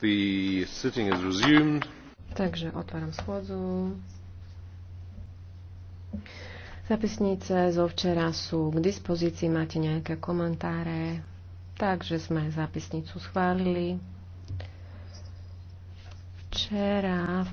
The sitting is resumed. Takže otváram schôdzu. Zapisnice zo včera sú k dispozícii, máte nejaké komentáre, takže sme zapisnicu schválili. Včera v